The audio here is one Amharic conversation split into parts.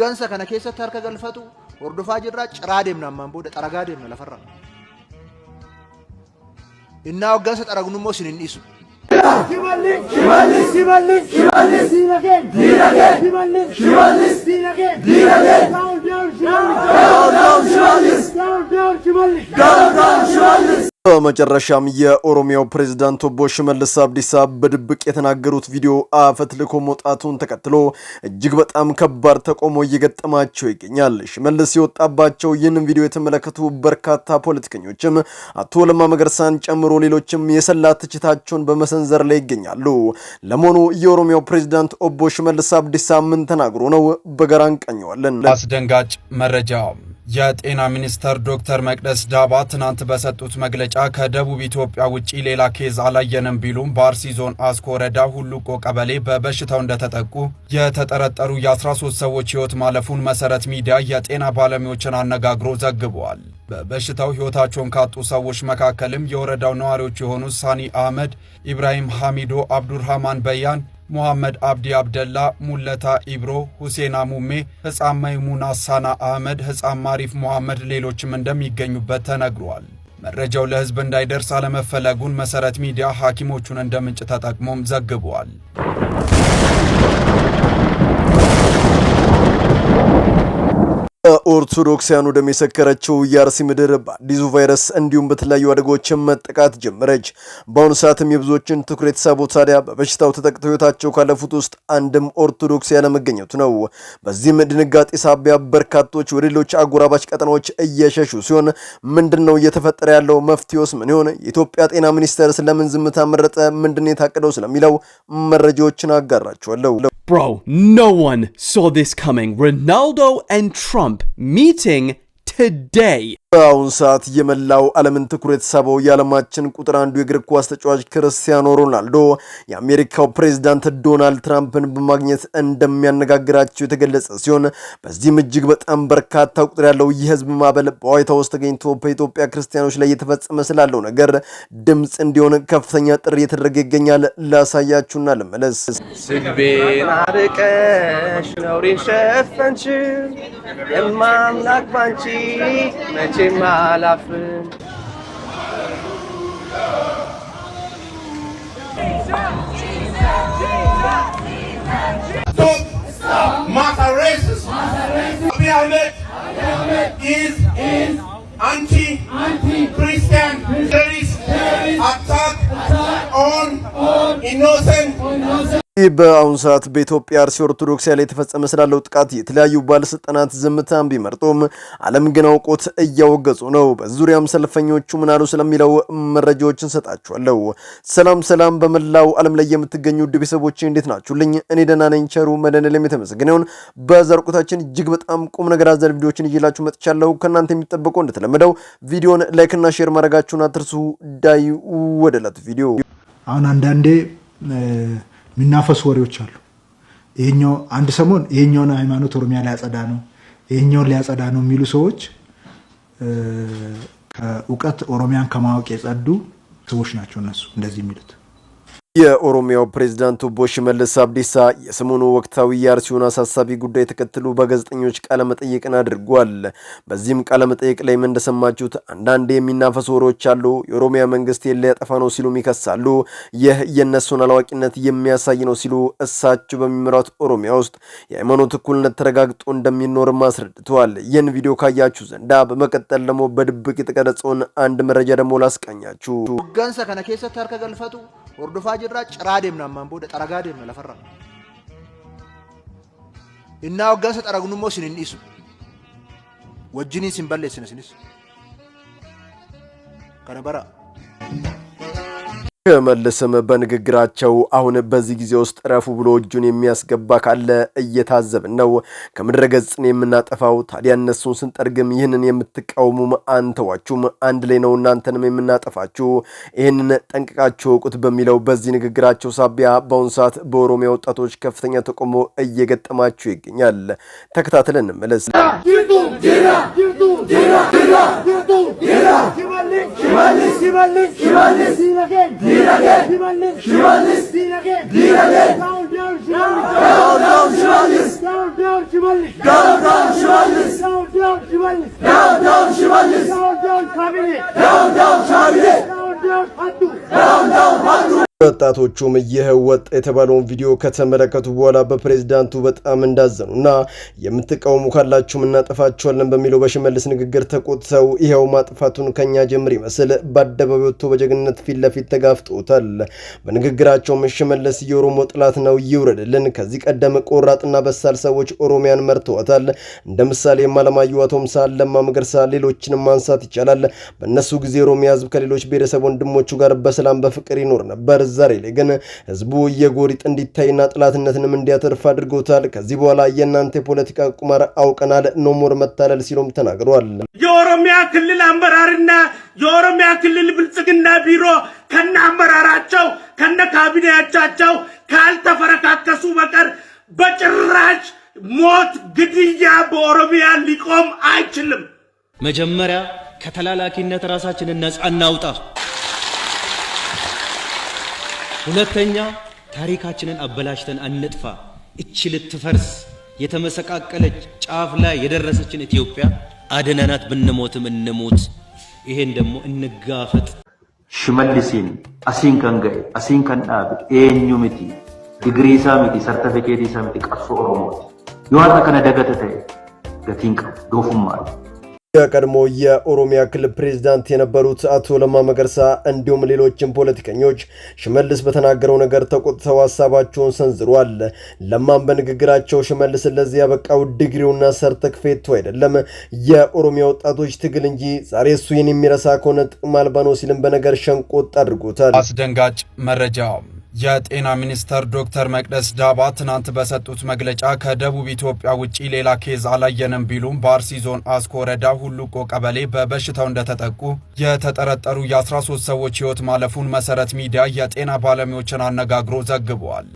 Hoggansa kana keessatti harka galfatu hordofaa jirraa ciraa deemna ammaan booda xaragaa deemna lafarra. Innaa hoggansa xaragnummoo isin hin dhiisu. Shimallis! Shimallis! Shimallis! በመጨረሻም የኦሮሚያው ፕሬዝዳንት ኦቦ ሽመልስ አብዲሳ በድብቅ የተናገሩት ቪዲዮ አፈትልኮ መውጣቱን ተከትሎ እጅግ በጣም ከባድ ተቃውሞ እየገጠማቸው ይገኛል። ሽመልስ የወጣባቸው ይህንን ቪዲዮ የተመለከቱ በርካታ ፖለቲከኞችም አቶ ለማ መገርሳን ጨምሮ ሌሎችም የሰላ ትችታቸውን በመሰንዘር ላይ ይገኛሉ። ለመሆኑ የኦሮሚያው ፕሬዝዳንት ኦቦ ሽመልስ አብዲሳ ምን ተናግሮ ነው? በጋራ እንቃኘዋለን። አስደንጋጭ መረጃ የጤና ሚኒስተር ዶክተር መቅደስ ዳባ ትናንት በሰጡት መግለጫ ከደቡብ ኢትዮጵያ ውጪ ሌላ ኬዝ አላየንም ቢሉም በአርሲ ዞን አስኮ ወረዳ ሁሉቆ ቀበሌ በበሽታው እንደተጠቁ የተጠረጠሩ የ13 ሰዎች ሕይወት ማለፉን መሰረት ሚዲያ የጤና ባለሙያዎችን አነጋግሮ ዘግበዋል። በበሽታው ህይወታቸውን ካጡ ሰዎች መካከልም የወረዳው ነዋሪዎች የሆኑ ሳኒ አህመድ፣ ኢብራሂም ሐሚዶ፣ አብዱርሃማን በያን ሙሐመድ አብዲ አብደላ፣ ሙለታ ኢብሮ፣ ሁሴን አሙሜ፣ ህፃን መይሙን አሳና አህመድ፣ ህፃን ማሪፍ ሙሐመድ፣ ሌሎችም እንደሚገኙበት ተነግሯል። መረጃው ለህዝብ እንዳይደርስ አለመፈለጉን መሰረት ሚዲያ ሐኪሞቹን እንደ ምንጭ ተጠቅሞም ዘግቧል። ኦርቶዶክሳውያን ወደሚሰከረችው የአርሲ ምድር በአዲሱ ቫይረስ እንዲሁም በተለያዩ አደጋዎችን መጠቃት ጀመረች። በአሁኑ ሰዓትም የብዙዎችን ትኩረት ሳቦት ታዲያ በበሽታው ተጠቅተው ሕይወታቸው ካለፉት ውስጥ አንድም ኦርቶዶክስ ያለመገኘቱ ነው። በዚህም ድንጋጤ ሳቢያ በርካቶች ወደ ሌሎች አጎራባች ቀጠናዎች እየሸሹ ሲሆን ምንድን ነው እየተፈጠረ ያለው? መፍትሄውስ ምን ይሆን? የኢትዮጵያ ጤና ሚኒስቴር ስለምን ዝምታ መረጠ? ምንድን የታቀደው ስለሚለው መረጃዎችን አጋራቸዋለሁ። ሮናልዶ ኤንድ ትራምፕ Trump meeting today. በአሁን ሰዓት የመላው ዓለምን ትኩረት ሳበው የዓለማችን ቁጥር አንዱ የእግር ኳስ ተጫዋች ክርስቲያኖ ሮናልዶ የአሜሪካው ፕሬዚዳንት ዶናልድ ትራምፕን በማግኘት እንደሚያነጋግራቸው የተገለጸ ሲሆን በዚህም እጅግ በጣም በርካታ ቁጥር ያለው የህዝብ ማዕበል በዋይት ሀውስ ተገኝቶ በኢትዮጵያ ክርስቲያኖች ላይ የተፈጸመ ስላለው ነገር ድምፅ እንዲሆን ከፍተኛ ጥሪ የተደረገ ይገኛል። ላሳያችሁና ልመለስ። ስግቤን አርቀሽ ነውሬን ሸፈንች የማምላክ ባንቺ መቼ Schimmer aller Stop! Stop! Master racism! Abiy Ahmed is, is anti, Christian terrorist attack, on innocent. ይህ በአሁኑ ሰዓት በኢትዮጵያ አርሲ ኦርቶዶክሲያ ላይ የተፈጸመ ስላለው ጥቃት የተለያዩ ባለስልጣናት ዝምታን ቢመርጡም ዓለም ግን አውቆት እያወገጹ ነው። በዙሪያም ሰልፈኞቹ ምናሉ ስለሚለው መረጃዎች እንሰጣችኋለሁ። ሰላም ሰላም፣ በመላው ዓለም ላይ የምትገኙ ውድ ቤተሰቦች እንዴት ናችሁልኝ? እኔ ደህና ነኝ፣ ቸሩ መድኃኔዓለም የተመሰገነ በዘርቁታችን እጅግ በጣም ቁም ነገር አዘል ቪዲዮዎችን እየላችሁ መጥቻለሁ። ከእናንተ የሚጠበቀው እንደተለመደው ቪዲዮን ላይክና ሼር ማድረጋችሁን አትርሱ። ዳይ ወደላት ቪዲዮ አሁን አንዳንዴ የሚናፈሱ ወሬዎች አሉ። ይሄኛው አንድ ሰሞን ይሄኛውን ሃይማኖት ኦሮሚያ ሊያጸዳ ነው፣ ይሄኛውን ሊያጸዳ ነው የሚሉ ሰዎች ከእውቀት ኦሮሚያን ከማወቅ የጸዱ ሰዎች ናቸው። እነሱ እንደዚህ የሚሉት የኦሮሚያው ፕሬዝዳንት ኦቦ ሽመልስ አብዲሳ የሰሞኑ ወቅታዊ የአርሲውን አሳሳቢ ጉዳይ ተከትሎ በጋዜጠኞች ቃለመጠይቅን አድርጓል። በዚህም ቃለመጠይቅ ላይም እንደሰማችሁት አንዳንድ የሚናፈሱ ወሬዎች አሉ። የኦሮሚያ መንግስት ሊያጠፋ ነው ሲሉም ይከሳሉ። ይህ የእነሱን አላዋቂነት የሚያሳይ ነው ሲሉ እሳቸው በሚመራት ኦሮሚያ ውስጥ የሃይማኖት እኩልነት ተረጋግጦ እንደሚኖርም አስረድተዋል። ይህን ቪዲዮ ካያችሁ ዘንዳ በመቀጠል ደግሞ በድብቅ የተቀረጸውን አንድ መረጃ ደግሞ ላስቃኛችሁ። hordofaa jirraa ciraa deemna ammaan booda xaragaa deemna lafarraa. Innaa hoggansa xaragnummoo isin hin dhiisu. Wajjiniin isin balleessina isinis. Kana bara. ሽመልስም በንግግራቸው አሁን በዚህ ጊዜ ውስጥ ረፉ ብሎ እጁን የሚያስገባ ካለ እየታዘብን ነው፣ ከምድረ ገጽን የምናጠፋው። ታዲያ እነሱን ስንጠርግም ይህንን የምትቃወሙም አንተዋችሁም፣ አንድ ላይ ነው እናንተንም የምናጠፋችሁ፣ ይህንን ጠንቅቃችሁ እውቁት በሚለው በዚህ ንግግራቸው ሳቢያ በአሁኑ ሰዓት በኦሮሚያ ወጣቶች ከፍተኛ ተቃውሞ እየገጠማችሁ ይገኛል። ተከታትለን እንመለስ። শিবাল্লিক শিবাল্লিক শিবাল্লিক শিবাল্লিক দিন আগে দিন আগে শিবাল্লিক শিবাল্লিক দিন আগে দিন আগে down down শিবাল্লিক down down শিবাল্লিক ডাউন ডাউন শিবাল্লিক ডাউন ডাউন শিবাল্লিক ডাউন ডাউন শিবাল্লিক ডাউন ডাউন শিবাল্লিক ডাউন ডাউন কাবিলে ডাউন ডাউন শাবিলে ডাউন ডাউন ফাতু ডাউন ডাউন ফাতু ወጣቶቹም ይህ ወጥ የተባለውን ቪዲዮ ከተመለከቱ በኋላ በፕሬዝዳንቱ በጣም እንዳዘኑና የምትቃወሙ ካላችሁም እናጠፋቸዋለን በሚለው በሽመልስ ንግግር ተቆጥተው ይኸው ማጥፋቱን ከኛ ጀምር ይመስል በአደባባይ ወጥቶ በጀግንነት ፊት ለፊት ተጋፍጦታል። በንግግራቸውም ሽመልስ የኦሮሞ ጥላት ነው ይውረድልን፣ ከዚህ ቀደም ቆራጥና በሳል ሰዎች ኦሮሚያን መርተዋታል። እንደ ምሳሌ አለማየሁ፣ አቶ ለማ መገርሳ፣ ሌሎችንም ማንሳት ይቻላል። በእነሱ ጊዜ ኦሮሚያ ህዝብ ከሌሎች ብሔረሰብ ወንድሞቹ ጋር በሰላም በፍቅር ይኖር ነበር። ዛሬ ላይ ግን ህዝቡ እየጎሪጥ እንዲታይና ጥላትነትንም እንዲያተርፍ አድርጎታል። ከዚህ በኋላ የእናንተ የፖለቲካ ቁማር አውቀናል፣ ኖሞር መታለል ሲሉም ተናግረዋል። የኦሮሚያ ክልል አመራርና የኦሮሚያ ክልል ብልጽግና ቢሮ ከነ አመራራቸው ከነ ካቢኔያቻቸው ካልተፈረካከሱ በቀር በጭራሽ ሞት፣ ግድያ በኦሮሚያ ሊቆም አይችልም። መጀመሪያ ከተላላኪነት ራሳችንን ነፃ እናውጣ። ሁለተኛ ታሪካችንን አበላሽተን አንጥፋ። እቺ ልትፈርስ የተመሰቃቀለች ጫፍ ላይ የደረሰችን ኢትዮጵያ አድነናት ብንሞትም እንሞት፣ ይሄን ደግሞ እንጋፈጥ። ሽመልሲን አሲን ከንገ አሲን ከንዳብ ኤኙ ሚቲ ዲግሪ ሳ ሚቲ ሰርተፊኬት ሳ ሚቲ ቀርሶ ኦሮሞት የዋጣ ከነ ደገተ ተየ ገቲን ቀብ ዶፉማ የቀድሞ የኦሮሚያ ክልል ፕሬዚዳንት የነበሩት አቶ ለማ መገርሳ እንዲሁም ሌሎችም ፖለቲከኞች ሽመልስ በተናገረው ነገር ተቆጥተው ሀሳባቸውን ሰንዝሯል። ለማም በንግግራቸው ሽመልስ ለዚህ ያበቃው ዲግሪውና ሰርተክፌቱ አይደለም የኦሮሚያ ወጣቶች ትግል እንጂ ዛሬ እሱ ይህን የሚረሳ ከሆነ ጥቅም አልባ ነው ሲልም በነገር ሸንቆጥ አድርጎታል። አስደንጋጭ መረጃ የጤና ሚኒስተር ዶክተር መቅደስ ዳባ ትናንት በሰጡት መግለጫ ከደቡብ ኢትዮጵያ ውጪ ሌላ ኬዝ አላየንም ቢሉም በአርሲ ዞን አስኮ ወረዳ ሁሉቆ ቀበሌ በበሽታው እንደተጠቁ የተጠረጠሩ የ13 ሰዎች ሕይወት ማለፉን መሰረት ሚዲያ የጤና ባለሙያዎችን አነጋግሮ ዘግቧል።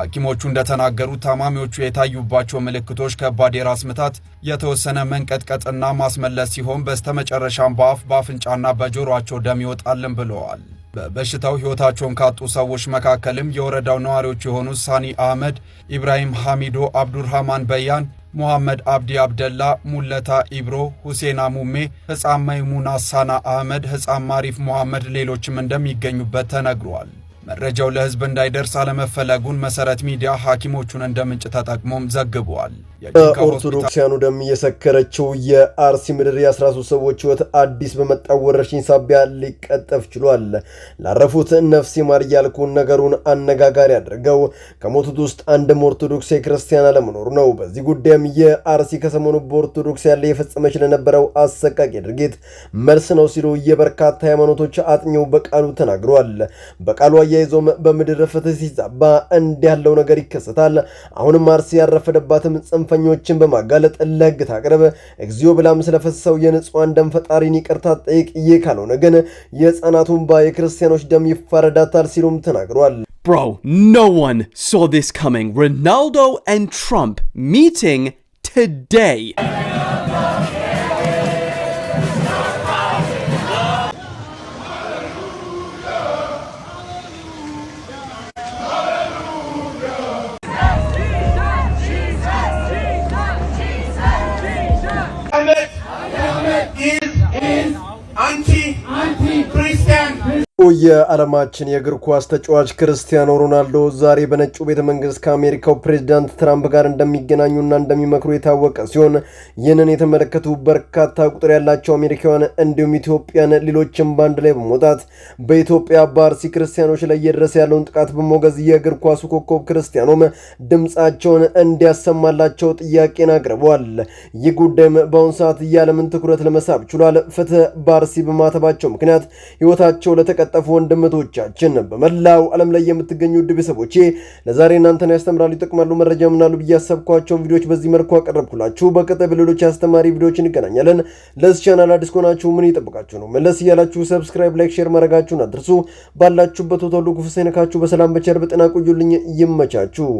ሐኪሞቹ እንደተናገሩት ታማሚዎቹ የታዩባቸው ምልክቶች ከባድ የራስ ምታት፣ የተወሰነ መንቀጥቀጥና ማስመለስ ሲሆን በስተመጨረሻም በአፍ በአፍንጫና በጆሮአቸው ደም ይወጣልን ብለዋል። በበሽታው ሕይወታቸውን ካጡ ሰዎች መካከልም የወረዳው ነዋሪዎች የሆኑ ሳኒ አህመድ፣ ኢብራሂም ሐሚዶ፣ አብዱርሃማን በያን፣ ሙሐመድ አብዲ አብደላ፣ ሙለታ ኢብሮ፣ ሁሴና ሙሜ፣ ሕፃን መይሙና ሳና አህመድ፣ ሕፃን ማሪፍ ሙሐመድ ሌሎችም እንደሚገኙበት ተነግሯል። መረጃው ለህዝብ እንዳይደርስ አለመፈለጉን መሰረት ሚዲያ ሐኪሞቹን እንደ ምንጭ ተጠቅሞም ዘግቧል። በኦርቶዶክሲያኑ ደም የሰከረችው የአርሲ ምድር የ13 ሰዎች ህይወት አዲስ በመጣው ወረርሽኝ ሳቢያ ሊቀጠፍ ችሏል። ላረፉት ነፍስ ይማር እያልኩን ነገሩን አነጋጋሪ አድርገው ከሞቱት ውስጥ አንድም ኦርቶዶክስ ክርስቲያን አለመኖሩ ነው። በዚህ ጉዳይም የአርሲ ከሰሞኑ በኦርቶዶክስ ያለ የፈጸመች ለነበረው አሰቃቂ ድርጊት መልስ ነው ሲሉ የበርካታ ሃይማኖቶች አጥኚው በቃሉ ተናግረዋል። በቃሉ አያይዞም በምድር ፍትህ ሲዛባ እንዲህ ያለው ነገር ይከሰታል። አሁንም አርሲ ያረፈደባትም ጽንፈኞችን በማጋለጥ ለህግ ታቅርብ፣ እግዚኦ ብላም ስለፈሰው የንጹሐን ደም ፈጣሪን ይቅርታ ጠይቅ። ይህ ካልሆነ ግን የህፃናቱን ባ የክርስቲያኖች ደም ይፋረዳታል ሲሉም ተናግሯል። Bro, no one ሶ this coming. ሮናልዶ and Trump meeting today. is is anti-prison. እውቁ የዓለማችን የእግር ኳስ ተጫዋች ክርስቲያኖ ሮናልዶ ዛሬ በነጩ ቤተ መንግስት ከአሜሪካው ፕሬዚዳንት ትራምፕ ጋር እንደሚገናኙና እንደሚመክሩ የታወቀ ሲሆን ይህንን የተመለከቱ በርካታ ቁጥር ያላቸው አሜሪካውያን እንዲሁም ኢትዮጵያን፣ ሌሎችም በአንድ ላይ በመውጣት በኢትዮጵያ በአርሲ ክርስቲያኖች ላይ እየደረሰ ያለውን ጥቃት በሞገዝ የእግር ኳሱ ኮከብ ክርስቲያኖም ድምፃቸውን እንዲያሰማላቸው ጥያቄን አቅርበዋል። ይህ ጉዳይም በአሁኑ ሰዓት የዓለምን ትኩረት ለመሳብ ችሏል። ፍትህ በአርሲ በማተባቸው ምክንያት ህይወታቸው ለተቀ የተቀጠፉ ወንድምቶቻችን በመላው ዓለም ላይ የምትገኙ ውድ ቤተሰቦቼ ለዛሬ እናንተን ያስተምራሉ፣ ይጠቅማሉ፣ መረጃ ምናሉ ብዬ ያሰብኳቸውን ቪዲዮዎች በዚህ መልኩ አቀረብኩላችሁ። በቀጣይ በሌሎች አስተማሪ ቪዲዮዎች እንገናኛለን። ለዚህ ቻናል አዲስ ከሆናችሁ ምን ይጠብቃችሁ ነው? መለስ እያላችሁ ሰብስክራይብ፣ ላይክ፣ ሼር ማድረጋችሁን አድርሱ። ባላችሁበት ሆተሉ ክፉ ሳይነካችሁ በሰላም በቸር በጤና ቆዩልኝ። ይመቻችሁ።